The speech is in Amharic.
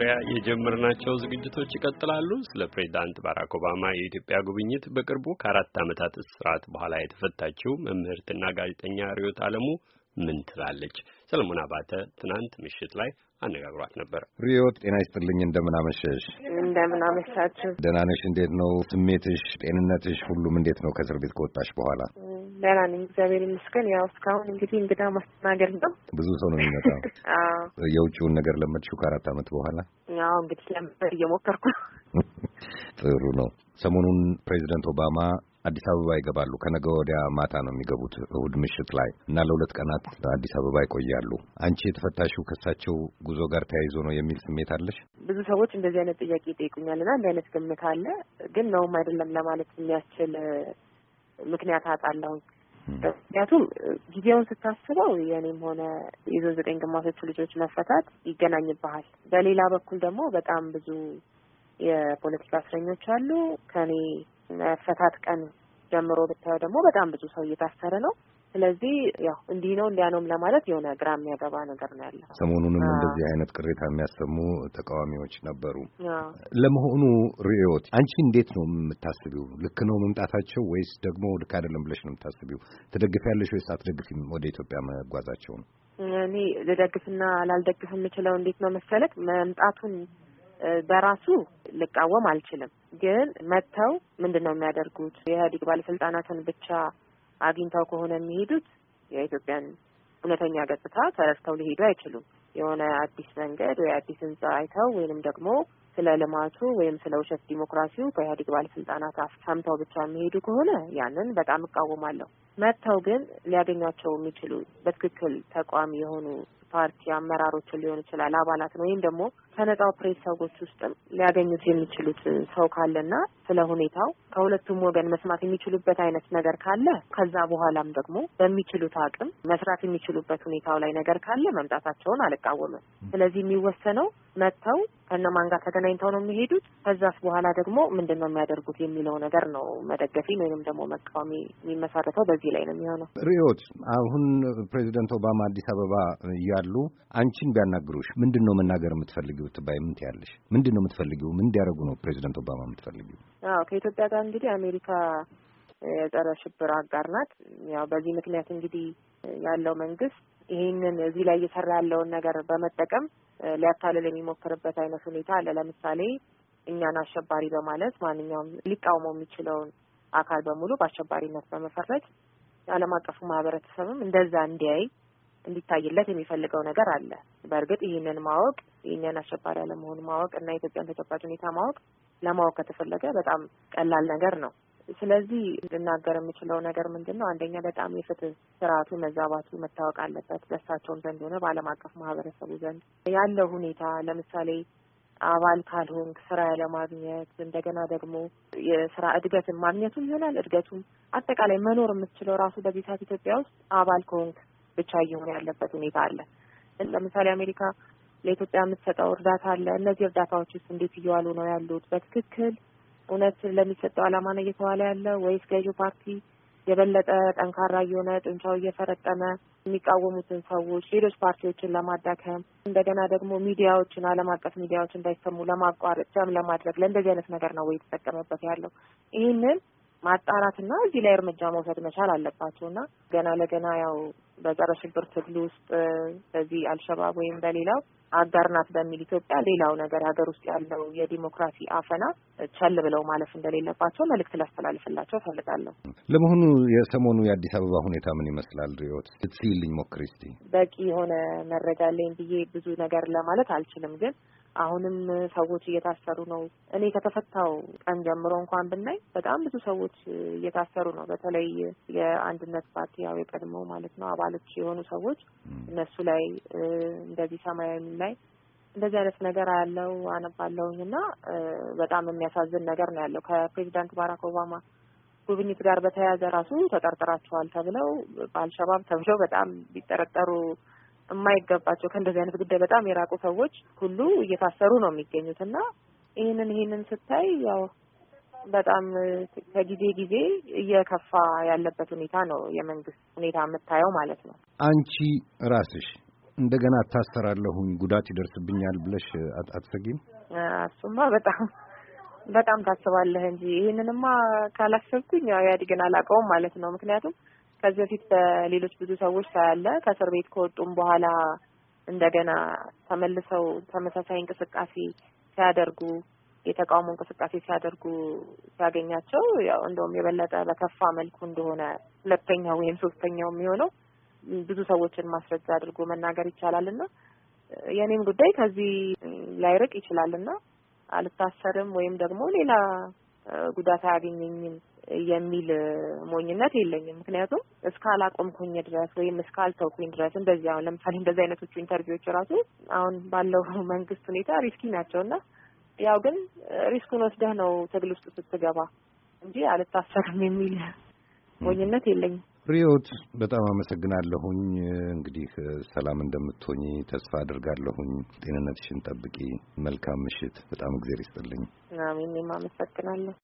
ዙሪያ የጀመርናቸው ዝግጅቶች ይቀጥላሉ። ስለ ፕሬዚዳንት ባራክ ኦባማ የኢትዮጵያ ጉብኝት በቅርቡ ከአራት ዓመታት እስራት በኋላ የተፈታችው መምህርትና ጋዜጠኛ ርዕዮት ዓለሙ ምን ትላለች? ሰለሞን አባተ ትናንት ምሽት ላይ አነጋግሯት ነበር። ሪዮት ጤና ይስጥልኝ። እንደምናመሸሽ። እንደምናመሻችሁ። ደህና ነሽ? እንዴት ነው ስሜትሽ? ጤንነትሽ? ሁሉም እንዴት ነው ከእስር ቤት ከወጣሽ በኋላ? ደህና ነኝ፣ እግዚአብሔር ይመስገን። ያው እስካሁን እንግዲህ እንግዳ ማስተናገድ ነው። ብዙ ሰው ነው የሚመጣው። የውጭውን ነገር ለመድሽው? ከአራት ዓመት በኋላ ያው እንግዲህ ለመድ እየሞከርኩ ነው። ጥሩ ነው። ሰሞኑን ፕሬዚደንት ኦባማ አዲስ አበባ ይገባሉ። ከነገ ወዲያ ማታ ነው የሚገቡት እሁድ ምሽት ላይ እና ለሁለት ቀናት አዲስ አበባ ይቆያሉ። አንቺ የተፈታሽው ከሳቸው ጉዞ ጋር ተያይዞ ነው የሚል ስሜት አለሽ? ብዙ ሰዎች እንደዚህ አይነት ጥያቄ ይጠይቁኛል እና እንደ አይነት ግምት አለ፣ ግን ነውም አይደለም ለማለት የሚያስችል ምክንያት አጣለሁኝ። ምክንያቱም ጊዜውን ስታስበው የእኔም ሆነ የዞን ዘጠኝ ግማሾቹ ልጆች መፈታት ይገናኝብሃል። በሌላ በኩል ደግሞ በጣም ብዙ የፖለቲካ እስረኞች አሉ። ከኔ መፈታት ቀን ጀምሮ ብታየው ደግሞ በጣም ብዙ ሰው እየታሰረ ነው። ስለዚህ ያው እንዲህ ነው እንዲያ ነውም ለማለት የሆነ ግራ የሚያገባ ነገር ነው ያለ። ሰሞኑንም እንደዚህ አይነት ቅሬታ የሚያሰሙ ተቃዋሚዎች ነበሩ። ለመሆኑ ርዕዮት፣ አንቺ እንዴት ነው የምታስቢው? ልክ ነው መምጣታቸው ወይስ ደግሞ ልክ አይደለም ብለሽ ነው የምታስቢው? ትደግፊያለሽ ወይስ አትደግፊም ወደ ኢትዮጵያ መጓዛቸው ነው? እኔ ልደግፍና ላልደግፍ የምችለው እንዴት ነው መሰለት መምጣቱን በራሱ ልቃወም አልችልም። ግን መጥተው ምንድን ነው የሚያደርጉት የኢህአዴግ ባለስልጣናትን ብቻ አግኝተው ከሆነ የሚሄዱት የኢትዮጵያን እውነተኛ ገጽታ ተረድተው ሊሄዱ አይችሉም። የሆነ አዲስ መንገድ ወይ አዲስ ህንጻ አይተው ወይንም ደግሞ ስለ ልማቱ ወይም ስለ ውሸት ዲሞክራሲው ከኢህአዴግ ባለስልጣናት አፍ ሰምተው ብቻ የሚሄዱ ከሆነ ያንን በጣም እቃወማለሁ። መጥተው ግን ሊያገኟቸው የሚችሉ በትክክል ተቋሚ የሆኑ ፓርቲ አመራሮችን ሊሆን ይችላል አባላት ነው ወይም ደግሞ ከነጻው ፕሬስ ሰዎች ውስጥም ሊያገኙት የሚችሉት ሰው ካለና ስለ ሁኔታው ከሁለቱም ወገን መስማት የሚችሉበት አይነት ነገር ካለ ከዛ በኋላም ደግሞ በሚችሉት አቅም መስራት የሚችሉበት ሁኔታው ላይ ነገር ካለ መምጣታቸውን አልቃወምም። ስለዚህ የሚወሰነው መጥተው ከነማን ጋር ተገናኝተው ነው የሚሄዱት፣ ከዛስ በኋላ ደግሞ ምንድን ነው የሚያደርጉት የሚለው ነገር ነው መደገፊን ወይንም ደግሞ መቃወሚ የሚመሰረተው በዚህ ላይ ነው የሚሆነው። ሪዮት፣ አሁን ፕሬዚደንት ኦባማ አዲስ አበባ እያሉ አንቺን ቢያናግሩሽ ምንድን ነው መናገር የምትፈልጊው? ትባይ ምን ትያለሽ? ምንድን ነው የምትፈልጊው? ምን እንዲያደርጉ ነው ፕሬዚደንት ኦባማ የምትፈልጊው? አዎ ከኢትዮጵያ ጋር እንግዲህ አሜሪካ የጸረ ሽብር አጋር ናት። ያው በዚህ ምክንያት እንግዲህ ያለው መንግስት ይሄንን እዚህ ላይ እየሰራ ያለውን ነገር በመጠቀም ሊያታልል የሚሞክርበት አይነት ሁኔታ አለ። ለምሳሌ እኛን አሸባሪ በማለት ማንኛውም ሊቃውመው የሚችለውን አካል በሙሉ በአሸባሪነት በመፈረጅ ዓለም አቀፉ ማህበረተሰብም እንደዛ እንዲያይ እንዲታይለት የሚፈልገው ነገር አለ። በእርግጥ ይህንን ማወቅ የእኛን አሸባሪ አለመሆኑ ማወቅ እና የኢትዮጵያን ተጨባጭ ሁኔታ ማወቅ ለማወቅ ከተፈለገ በጣም ቀላል ነገር ነው። ስለዚህ ልናገር የምችለው ነገር ምንድን ነው? አንደኛ በጣም የፍትህ ስርዓቱ መዛባቱ መታወቅ አለበት፣ በእሳቸውም ዘንድ ሆነ በዓለም አቀፍ ማህበረሰቡ ዘንድ ያለው ሁኔታ ለምሳሌ አባል ካልሆንክ ስራ ያለማግኘት እንደገና ደግሞ የስራ እድገትን ማግኘቱም ይሆናል እድገቱም አጠቃላይ መኖር የምትችለው ራሱ በዚህ ሰዓት ኢትዮጵያ ውስጥ አባል ከሆንክ ብቻ እየሆነ ያለበት ሁኔታ አለ። ለምሳሌ አሜሪካ ለኢትዮጵያ የምትሰጠው እርዳታ አለ። እነዚህ እርዳታዎች ውስጥ እንዴት እየዋሉ ነው ያሉት? በትክክል እውነት ለሚሰጠው ዓላማ ነው እየተዋለ ያለ ወይስ ገዢው ፓርቲ የበለጠ ጠንካራ እየሆነ ጡንቻው እየፈረጠመ የሚቃወሙትን ሰዎች፣ ሌሎች ፓርቲዎችን ለማዳከም እንደገና ደግሞ ሚዲያዎችን፣ ዓለም አቀፍ ሚዲያዎች እንዳይሰሙ ለማቋረጥ ለማድረግ ለእንደዚህ አይነት ነገር ነው ወይ የተጠቀመበት ያለው ይህንን ማጣራትና እዚህ ላይ እርምጃ መውሰድ መቻል አለባቸው እና ገና ለገና ያው በጸረ ሽብር ትግል ውስጥ በዚህ አልሸባብ ወይም በሌላው አጋር ናት በሚል ኢትዮጵያ ሌላው ነገር ሀገር ውስጥ ያለው የዲሞክራሲ አፈና ቸል ብለው ማለፍ እንደሌለባቸው መልእክት ላስተላልፍላቸው ፈልጋለሁ። ለመሆኑ የሰሞኑ የአዲስ አበባ ሁኔታ ምን ይመስላል? ሪዮት ልትስይልኝ ሞክሪ እስቲ። በቂ የሆነ መረጃ አለኝ ብዬ ብዙ ነገር ለማለት አልችልም፣ ግን አሁንም ሰዎች እየታሰሩ ነው። እኔ ከተፈታው ቀን ጀምሮ እንኳን ብናይ በጣም ብዙ ሰዎች እየታሰሩ ነው። በተለይ የአንድነት ፓርቲ ያው የቀድሞ ማለት ነው አባሎች የሆኑ ሰዎች እነሱ ላይ እንደዚህ ሰማያዊ ላይ እንደዚህ አይነት ነገር አያለው አነባለውኝ እና በጣም የሚያሳዝን ነገር ነው ያለው ከፕሬዚዳንት ባራክ ኦባማ ጉብኝት ጋር በተያያዘ ራሱ ተጠርጥራቸዋል ተብለው በአልሸባብ ተብለው በጣም ቢጠረጠሩ የማይገባቸው ከእንደዚህ አይነት ጉዳይ በጣም የራቁ ሰዎች ሁሉ እየታሰሩ ነው የሚገኙት እና ይህንን ይህንን ስታይ ያው በጣም ከጊዜ ጊዜ እየከፋ ያለበት ሁኔታ ነው የመንግስት ሁኔታ የምታየው ማለት ነው። አንቺ ራስሽ እንደገና እታሰራለሁኝ ጉዳት ይደርስብኛል ብለሽ አትሰጊም? እሱማ በጣም በጣም ታስባለህ እንጂ ይህንንማ ካላሰብኩኝ ያው ኢህአዴግን አላውቀውም ማለት ነው። ምክንያቱም ከዚህ በፊት በሌሎች ብዙ ሰዎች ታያለ ከእስር ቤት ከወጡም በኋላ እንደገና ተመልሰው ተመሳሳይ እንቅስቃሴ ሲያደርጉ የተቃውሞ እንቅስቃሴ ሲያደርጉ ሲያገኛቸው ያው እንደውም የበለጠ በከፋ መልኩ እንደሆነ ሁለተኛው ወይም ሶስተኛው የሚሆነው ብዙ ሰዎችን ማስረጃ አድርጎ መናገር ይቻላል እና የእኔም ጉዳይ ከዚህ ላይርቅ ይችላል እና አልታሰርም ወይም ደግሞ ሌላ ጉዳት አያገኘኝም የሚል ሞኝነት የለኝም። ምክንያቱም እስካላቆምኩኝ ድረስ ወይም እስካልተውኩኝ ድረስ እንደዚህ አሁን ለምሳሌ እንደዚህ አይነቶቹ ኢንተርቪዎች ራሱ አሁን ባለው መንግስት ሁኔታ ሪስኪ ናቸው እና ያው ግን ሪስኩን ወስደህ ነው ትግል ውስጥ ስትገባ እንጂ አልታሰርም የሚል ሞኝነት የለኝም። ሪዮት በጣም አመሰግናለሁኝ። እንግዲህ ሰላም እንደምትሆኝ ተስፋ አድርጋለሁኝ። ጤንነትሽን ጠብቂ። መልካም ምሽት። በጣም እግዜር ይስጥልኝ። እኔም አመሰግናለሁ።